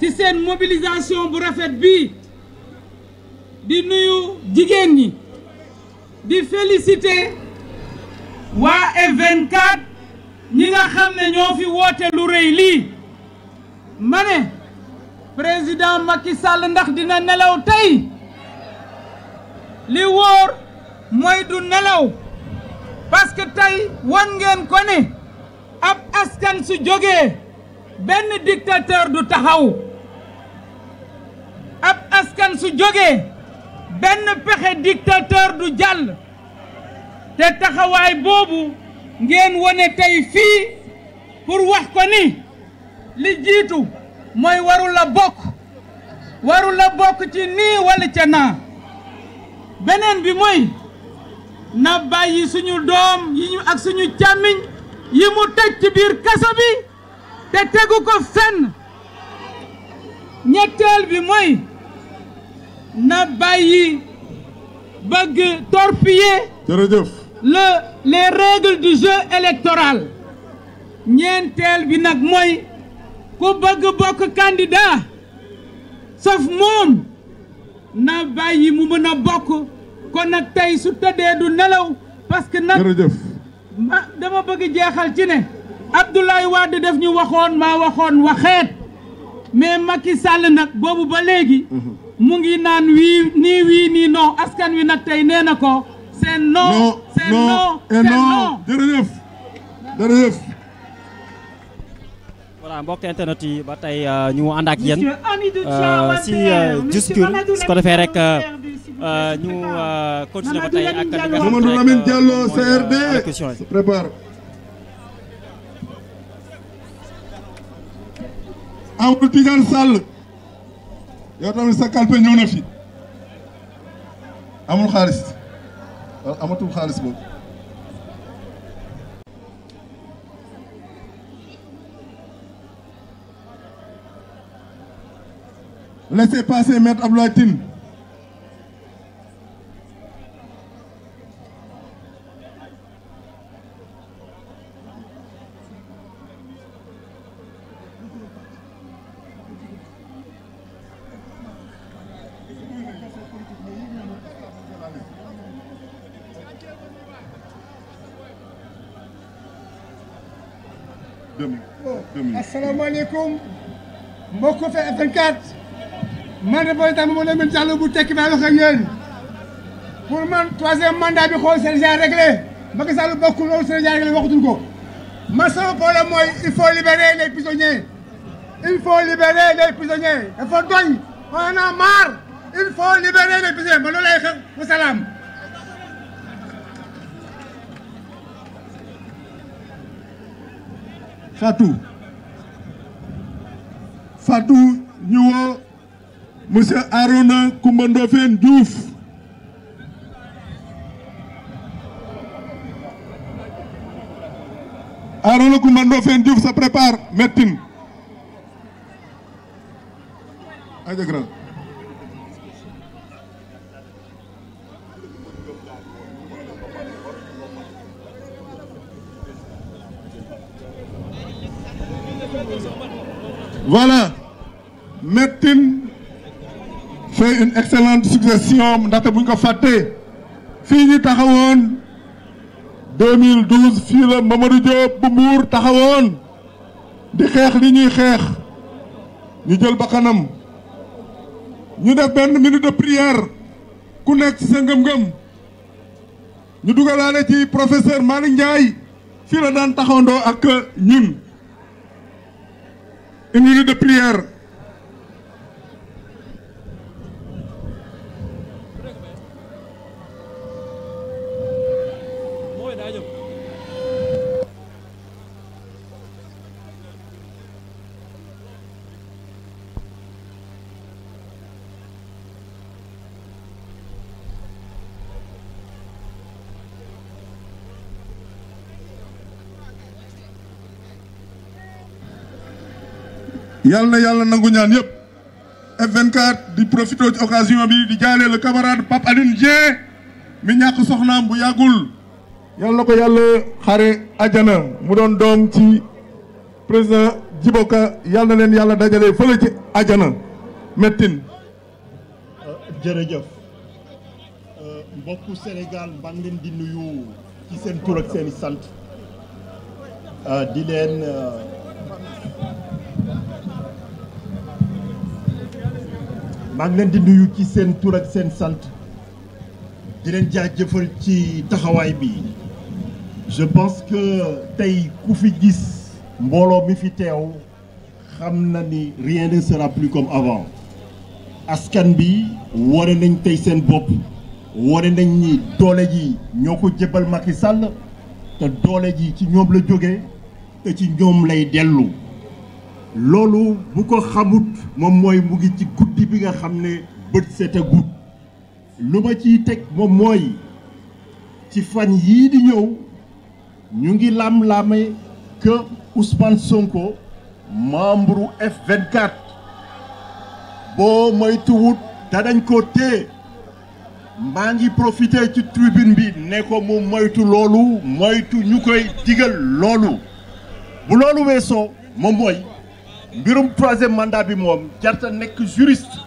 ci seen mobilisation bu rafet bii di nuyu jigéen ñi di féliciter waa f ñi nga xam ñoo fi woote lu réy lii ma ne président Macky Sall ndax dina nelaw tey li wóor mooy du nelaw parce que tey wan ngeen ko ne ab askan si jógee benn dictateur du taxaw ab askan su jógee benn pexe dictateur du jàll te taxawaay boobu ngeen wone tey fii pour wax ko ni li mooy waru la bokk waru bokk ci nii wala ca naa beneen bi mooy na bàyyi suñu doom yi ñu ak suñu càmmiñ yi mu tëj ci biir kaso bi te tegu ko fenn ñetteel bi mooy na bàyyi bëgg torpiller jërëjëf le les du jeu électoral ñeenteel bi nag mooy ku bëgg bokk candidat saf moom na bàyyi mu mën a bokk kon nag tey su tëddee du nelaw parce que nag ma dama bëgg jeexal ci ne Abdoulaye Wade def ñu waxoon maa waxoon waxeet mais Macky Sall nag boobu ba léegi mhm. mu ngi naan wii nii wii nii non askan wi nag tey nee na ko c'est non c'est non c'est non jërëjëf jërëjëf voilà mbokk internet yi ba tey euh, ñu ànd ak yéen euh, si euh, discours su ko defee rek ñu continuer ba tey ak li nga xam ne Mamadou Lamine Diallo CRD se prépare Amadou Tidiane Sall yow tamit sa kalpe ñëw na fi amul xaalis amatul xaalis boobu laissez asalaamaaleykum mbokk Fay F24 man de booy tam moo leen jàll bu tekki ba loxo yéen pour man troisième mandat bi xool Sénégal réglé Macky Sall bokkul loolu Sénégal réglé waxatuñ ko man mooy il faut libérer les prisonniers il faut libérer les prisonniers dafa doy on en a il faut libérer les prisonniers man loolu lay xew wasalaam Fatou Fatou ñu woo monsieur Arona Coumba Ndoffène Diouf Arona Coumba Ndoffène voilà Maître Tine fait une excellente suggestion ndaxte bu ñu ko fàtte fii ñu taxawoon 2012 fii la Mamadou Diop bu Mbour taxawoon di xeex li ñuy xeex ñu jël bakkanam ñu def benn minute de prière ku nekk ci sa ngëm-ngëm ñu dugalaale ci professeur Malick Ndiaye fii la daan taxawandoo ak ñun une minute de prière yàlla na yàlla nangu ñaan yëpp f di profité ci occasion bi di jaale le camarade Pape Alioune Dieng mi ñàkk soxnaam bu yàggul. yàlla na ko yàlla xare àjjana mu doon doom ci président Djiboka yàlla na leen yàlla dajale fële ci àjjana mettin jërëjëf euh, mbokku Sénégal maa leen di nuyu ci seen tur ak seen sant euh, di leen. Euh, maa leen di nuyu ci seen tur ak seen sant di leen jëfal ci taxawaay bi je pense que tey ku fi gis mbooloo mi fi teew xam na ni rien ne sera plus comme avant askan bi ware nañ tey seen bopp ware nañ ni doole ji ñoo ko jëbal Macky Sall te doole ji ci ñoom la jóge te ci ñoom lay dellu loolu bu ko xamut moom mooy mu ngi ci guddi bi nga xam ne bët set gudd lu ma ciy teg moom mooy ci fan yii di ñëw ñu ngi lam-laame que Ousmane Sonko membre F24 boo moytuwut danañ ko téye maa ngi profité ci tribune bi ne ko mu moytu loolu moytu ñu koy digal loolu bu loolu weesoo moom mooy mbirum troisième mandat bi moom jarta nekk juriste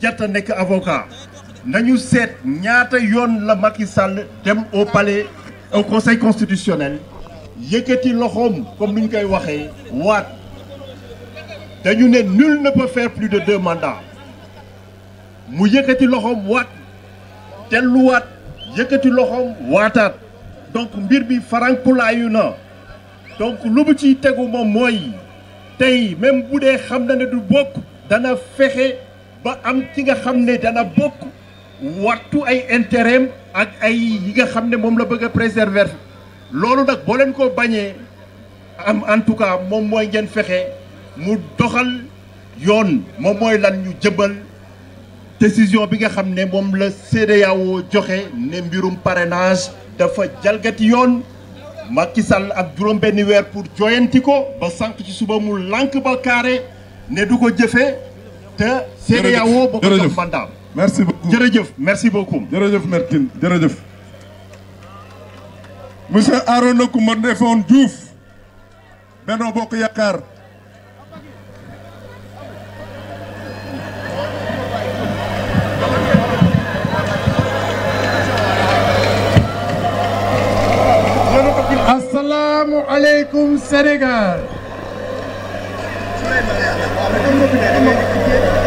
jarta nekk avocat nañu seet ñaata yoon la Macky sàll dem au pale au conseil constitutionnel yëkkati loxoom comme ni ñu koy waxee waat dañu ne nul ne peut faire plus de deux mandats mu yëkkati loxoom waat telluwaat yëkkati loxoom waataat donc mbir bi farankulaayu na donc lu mu ciy tegu moom mooy tey même bu dee xam na ne du bokk dana fexe ba am ci nga xam ne dana bokk wattu ay intérêt ak ay yi nga xam ne moom la bëgg a préserver loolu nag boo leen ko bañee am en tout cas moom mooy ngeen fexe mu doxal yoon moom mooy lan ñu jëbal décision bi nga xam ne moom la CEDEAO joxe ne mbirum parenage dafa jalgati yoon Macky Sall ak juróom benn weer pour joyanti ko ba sànq ci suba mu lànk ba carré ne du ko jëfe te CEDEAO ba ko jox mandat merci jërëjëf merci beaucoup jërëjëf Mertin jërëjëf monsieur Arona Coumba Ndephone Diouf Bokk Yaakaar du Sénégal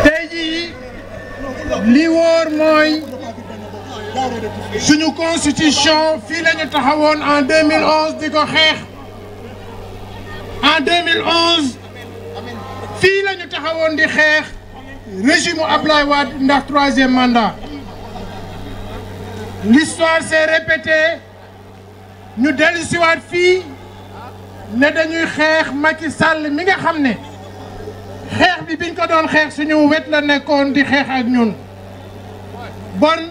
tey jii li wóor mooy suñu constitution fii la taxawoon en 2011 di ko xeex en fii la taxawoon di xeex régime u Ablaye Wade ndax troisième mandat l'histoire s'est répétée ñu dellu siwaat fii ne dañuy xeex Macky Sall mi nga xam ne xeex bi biñ ko doon xeex suñu wet la nekkoon di xeex ak ñun bon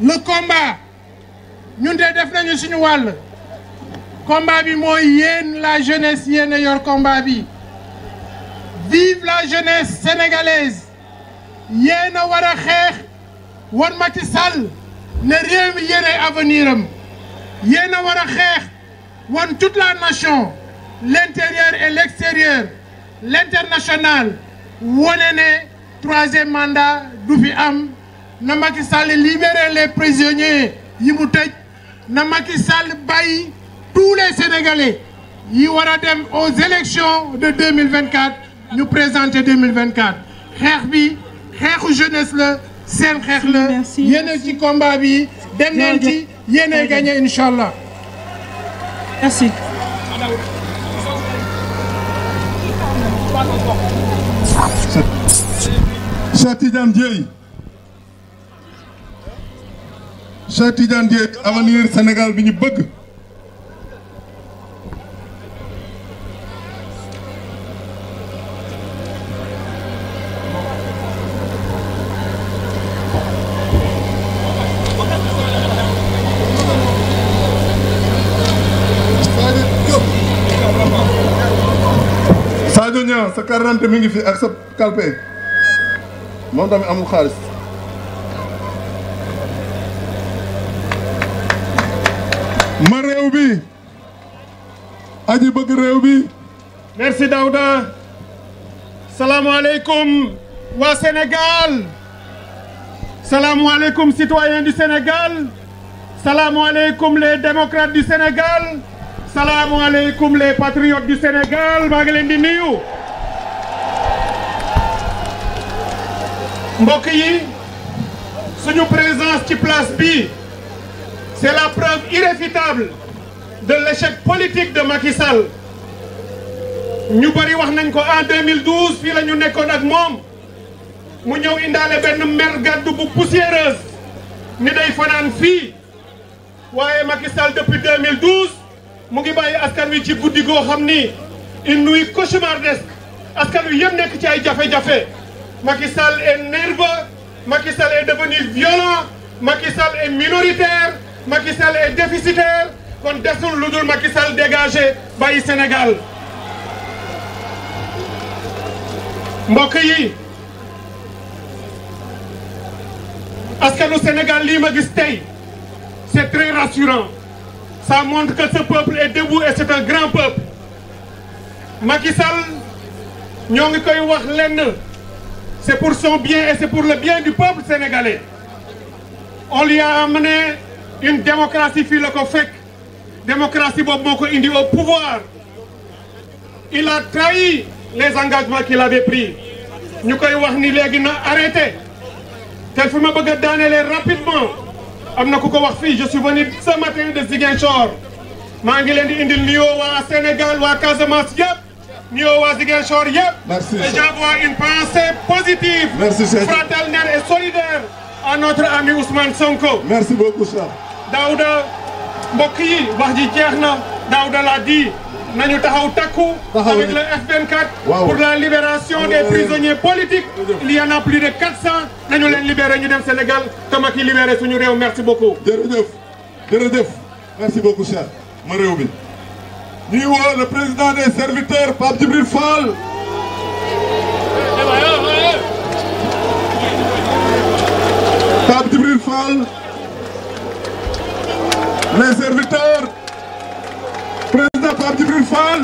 le combat ñun de def nañu suñu wàll combat bi mooy yéen la jeunesse yéen a yor combat bi vive la jeunesse sénégalaise yéen a war a xeex wan Macky Sall ne réew mi yéen ay avenir a war a xeex won toute la nation l'intérieur et l'extérieur l'international wone ne troisième mandat du fi am na Macky Sall libérer les prisonniers yi mu tëj na Macky Sall bàyyi tous les sénégalais yi war a dem aux élections de 2024 ñu présenter 2024 xeex bi xeexu jeunesse la seen xeex la yéen ci combat bi dem leen ci yéen a gagné allah Merci. Cheikh Tidiane Dièye Cheikh Tidiane Dièye avenir Sénégal bi ñu bëgg Omar sa carte mi ngi fi ak sa calpe moom tamit amul xaalis ma réew bi aji réew bi merci Daouda salaamaaleykum waa Sénégal salaamaaleykum citoyens du Sénégal salaamaaleykum les démocrates du Sénégal salaamaaleykum les mbokk yi suñu présence ci place bi c'est la preuve irréfutable de l'échec politique de Macky Sall ñu bëri wax nañ ko en 2012 fii la ñu nekkoon ak moom mu ñëw indaale benn mer gàddu bu poussiéreuse ni day fanaan fi waaye Macky Sall depuis 2012 mu ngi bàyyi askan wi ci guddi goo xam ni une nuit cauchemardesque askan wi yëpp nekk ci ay jafe-jafe. Macky Sall est nerveux, Macky Sall est devenu violent, Macky Sall est minoritaire, Macky Sall est déficitaire kon lu dul Macky dégagé bàyyi Sénégal mbokk yi askanu Sénégal lii ma gis tey c'est très rassurant ça montre que ce peuple est debout et c'est un grand peuple Macky Sall ñoo ngi koy wax lenn C'est pour son bien et c'est pour le bien du peuple sénégalais. On lui a amené une démocratie fii la ko fekk démocratie boobu moo ko indi au pouvoir il a trahi les engagements qu'il avait pris ñu koy wax ni léegi na arrêté te fi ma ko wax je suis venu ce matin de Ziguinchor maa ngi leen di indil nuyoo waa Sénégal waa Casamance yëpp ñu woo waa Ziguinchor yëpp. merci et j'envoie une pensée positive. merci fraternelle et solidaire à notre ami Ousmane Sonko. merci beaucoup Cheikh. Daouda mbokk yi wax ji jeex na Daouda l'a dit nañu taxaw takku. avec le F24. waaw. pour la libération des prisonniers politiques. il y en a plus de 400 nañu leen libéré ñu dem Sénégal te Macky libéré suñu réew merci beaucoup. jërëjëf jërëjëf merci beaucoup Cheikh ma réew ñuy woo le président des serviteurs Pape Djibril Fall. Pape Djibril Fall. les serviteurs. président Pape Djibril Fall.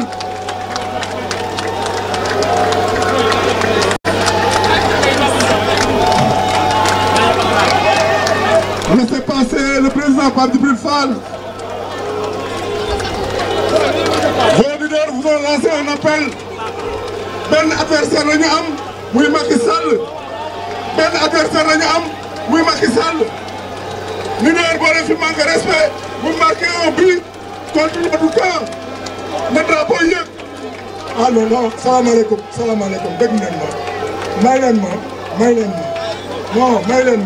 doon lancer un appel benn adversaire la ñu am muy Macky Sall benn adversaire fi manqué respect bu marqué un but contre le du camp na drapeau yëg. ah non non salaamaaleykum salaamaaleykum dégg ngeen ma may leen ma may leen ma